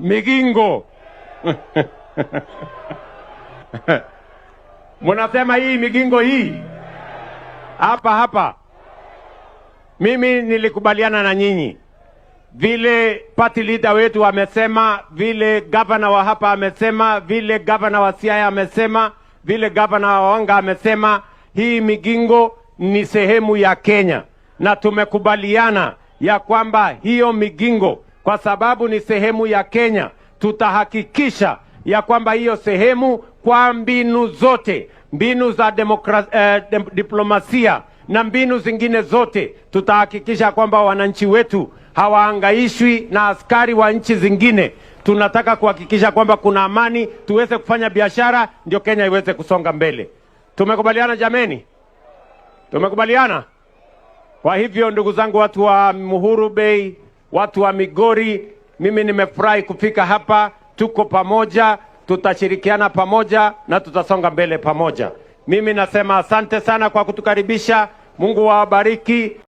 Migingo munasema hii migingo hii hapa hapa. Mimi nilikubaliana na nyinyi vile party leader wetu amesema, vile gavana wa hapa amesema, vile gavana wa Siaya amesema, vile gavana wa Wanga amesema. Hii migingo ni sehemu ya Kenya na tumekubaliana ya kwamba hiyo migingo kwa sababu ni sehemu ya Kenya. Tutahakikisha ya kwamba hiyo sehemu kwa mbinu zote, mbinu za demokra, eh, diplomasia na mbinu zingine zote, tutahakikisha kwamba wananchi wetu hawaangaishwi na askari wa nchi zingine. Tunataka kuhakikisha kwamba kuna amani, tuweze kufanya biashara, ndio Kenya iweze kusonga mbele. Tumekubaliana jameni? Tumekubaliana. Kwa hivyo ndugu zangu, watu wa Muhuru Bay watu wa Migori, mimi nimefurahi kufika hapa. Tuko pamoja, tutashirikiana pamoja na tutasonga mbele pamoja. Mimi nasema asante sana kwa kutukaribisha. Mungu wawabariki.